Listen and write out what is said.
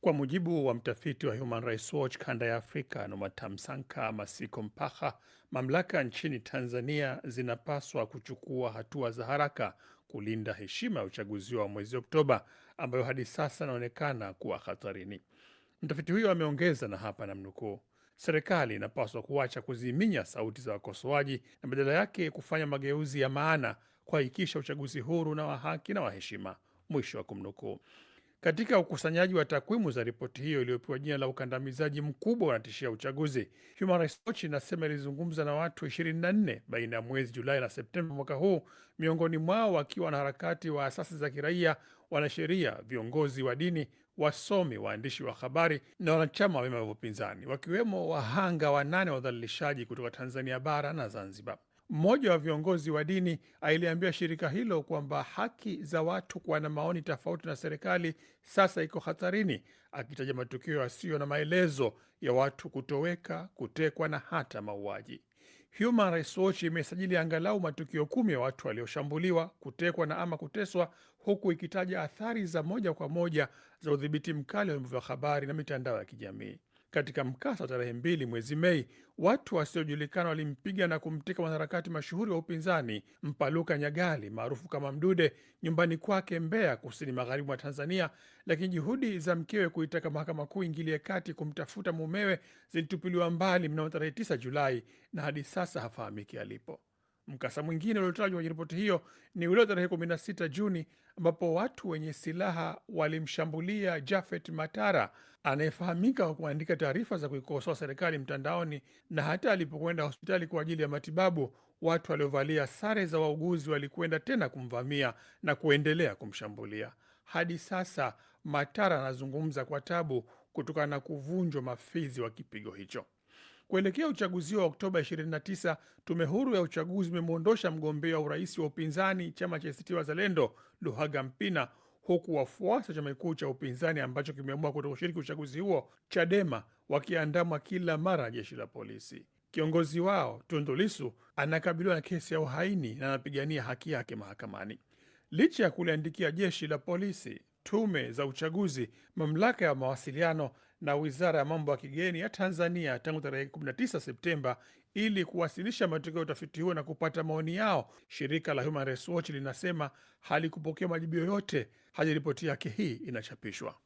Kwa mujibu wa mtafiti wa Human Rights Watch kanda ya Afrika Nomatamsanka Masiko Mpaha, mamlaka nchini Tanzania zinapaswa kuchukua hatua za haraka kulinda heshima ya uchaguzi wa mwezi Oktoba ambayo hadi sasa inaonekana kuwa hatarini. Mtafiti huyo ameongeza, na hapa namnukuu, serikali inapaswa kuacha kuziminya sauti za wakosoaji na badala yake kufanya mageuzi ya maana kuhakikisha uchaguzi huru na wa haki na wa heshima, mwisho wa kumnukuu katika ukusanyaji wa takwimu za ripoti hiyo iliyopewa jina la ukandamizaji mkubwa unatishia uchaguzi. Human Rights Watch inasema ilizungumza na watu 24 baina ya mwezi Julai na Septemba mwaka huu, miongoni mwao wakiwa wanaharakati wa asasi za kiraia, wanasheria, viongozi wa dini, wasomi, waandishi wa habari na wanachama wa vyama vya upinzani, wakiwemo wahanga wanane wa udhalilishaji kutoka Tanzania bara na Zanzibar. Mmoja wa viongozi wa dini aliambia shirika hilo kwamba haki za watu kuwa na maoni tofauti na serikali sasa iko hatarini, akitaja matukio yasiyo na maelezo ya watu kutoweka, kutekwa na hata mauaji. Human Rights Watch imesajili angalau matukio kumi ya watu walioshambuliwa, kutekwa na ama kuteswa, huku ikitaja athari za moja kwa moja za udhibiti mkali wa vyombo vya habari na mitandao ya kijamii. Katika mkasa wa tarehe mbili mwezi Mei, watu wasiojulikana walimpiga na kumteka mwanaharakati mashuhuri wa upinzani Mpaluka Nyagali maarufu kama Mdude nyumbani kwake Mbeya, kusini magharibi mwa Tanzania, lakini juhudi za mkewe kuitaka mahakama kuu ingilie kati kumtafuta mumewe zilitupiliwa mbali mnamo tarehe 9 Julai na hadi sasa hafahamiki alipo. Mkasa mwingine uliotajwa kwenye ripoti hiyo ni ule tarehe 16 Juni ambapo watu wenye silaha walimshambulia Jafet Matara anayefahamika kwa kuandika taarifa za kuikosoa serikali mtandaoni na hata alipokwenda hospitali kwa ajili ya matibabu, watu waliovalia sare za wauguzi walikwenda tena kumvamia na kuendelea kumshambulia. Hadi sasa Matara anazungumza kwa tabu kutokana na kuvunjwa mafizi wa kipigo hicho. Kuelekea uchaguzi wa Oktoba 29, tume huru ya uchaguzi imemwondosha mgombea wa urais wa upinzani chama cha ACT Wazalendo Luhaga Mpina, huku wafuasi wa chama kikuu cha upinzani ambacho kimeamua kushiriki uchaguzi huo Chadema wakiandamwa kila mara jeshi la polisi. Kiongozi wao Tundu Lissu anakabiliwa na kesi ya uhaini na anapigania haki yake mahakamani licha ya kuliandikia jeshi la polisi, tume za uchaguzi, mamlaka ya mawasiliano na Wizara ya Mambo ya Kigeni ya Tanzania tangu tarehe 19 Septemba ili kuwasilisha matokeo ya utafiti huo na kupata maoni yao. Shirika la Human Rights Watch linasema halikupokea majibu yoyote hadi ripoti yake hii inachapishwa.